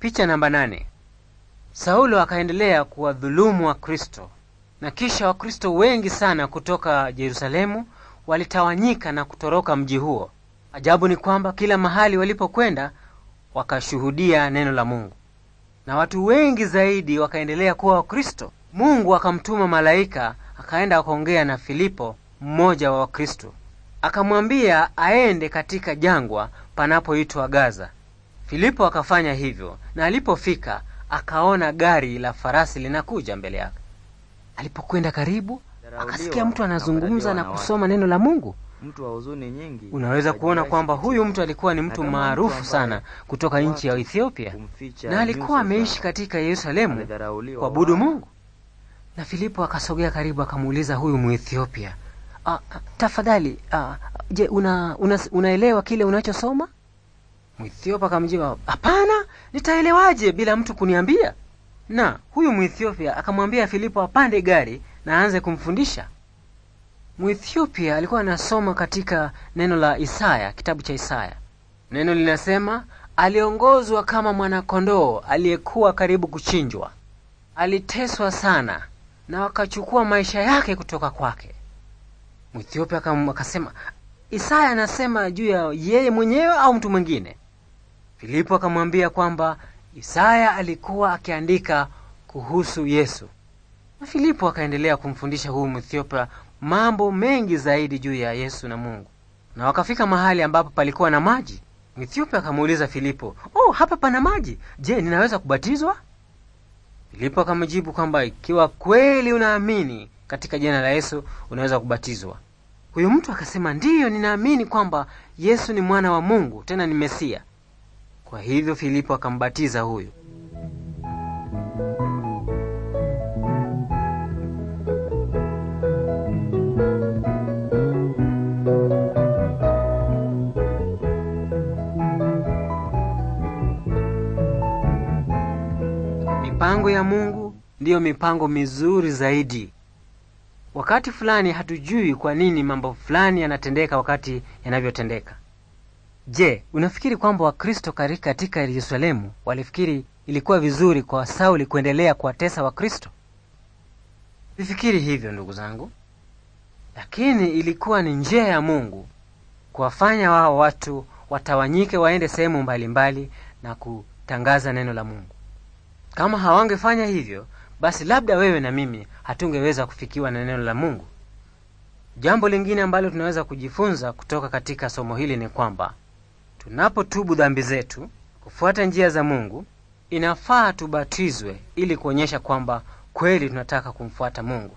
Picha namba nane. Saulo akaendelea kuwadhulumu Wakristo na kisha Wakristo wengi sana kutoka Yerusalemu walitawanyika na kutoroka mji huo. Ajabu ni kwamba kila mahali walipokwenda wakashuhudia neno la Mungu, na watu wengi zaidi wakaendelea kuwa Wakristo. Mungu akamtuma malaika akaenda kuongea na Filipo, mmoja wa Wakristo, akamwambia aende katika jangwa panapoitwa Gaza Filipo akafanya hivyo, na alipofika akaona gari la farasi linakuja mbele yake. Alipokwenda karibu, akasikia mtu anazungumza na kusoma neno la Mungu. Mtu wa huzuni nyingi. Unaweza kuona kwamba huyu mtu alikuwa ni mtu maarufu sana kutoka nchi ya Ethiopia na alikuwa ameishi katika Yerusalemu kuabudu Mungu. Na Filipo akasogea karibu akamuuliza huyu Muethiopia, ah, ah, tafadhali, ah, je, una, una, unaelewa kile unachosoma? Mwethiopia akamjibu, hapana, nitaelewaje bila mtu kuniambia? Na huyu Mwethiopia akamwambia Filipo apande gari na aanze kumfundisha. Mwethiopia alikuwa anasoma katika neno la Isaya, kitabu cha Isaya. Neno linasema aliongozwa kama mwanakondoo aliyekuwa karibu kuchinjwa, aliteswa sana na wakachukua maisha yake kutoka kwake. Mwethiopia akasema, Isaya anasema juu ya yeye mwenyewe au mtu mwingine? Filipo akamwambia kwamba Isaya alikuwa akiandika kuhusu Yesu, na Filipo akaendelea kumfundisha huyu Mwethiopia mambo mengi zaidi juu ya Yesu na Mungu. Na wakafika mahali ambapo palikuwa na maji. Mwethiopia akamuuliza Filipo, oh, hapa pana maji, je, ninaweza kubatizwa? Filipo akamjibu kwamba ikiwa kweli unaamini katika jina la Yesu unaweza kubatizwa. Huyu mtu akasema, ndiyo, ninaamini kwamba Yesu ni mwana wa Mungu, tena ni Mesia. Kwa hivyo Filipo akambatiza huyo. Mipango ya Mungu ndiyo mipango mizuri zaidi. Wakati fulani hatujui kwa nini mambo fulani yanatendeka wakati yanavyotendeka. Je, unafikiri kwamba Wakristo katika Yerusalemu walifikiri ilikuwa vizuri kwa Sauli kuendelea kuwatesa Wakristo? Vifikiri hivyo ndugu zangu, lakini ilikuwa ni njia ya Mungu kuwafanya wao watu watawanyike, waende sehemu mbalimbali na kutangaza neno la Mungu. Kama hawangefanya hivyo, basi labda wewe na mimi hatungeweza kufikiwa na neno la Mungu. Jambo lingine ambalo tunaweza kujifunza kutoka katika somo hili ni kwamba Tunapotubu dhambi zetu kufuata njia za Mungu, inafaa tubatizwe ili kuonyesha kwamba kweli tunataka kumfuata Mungu.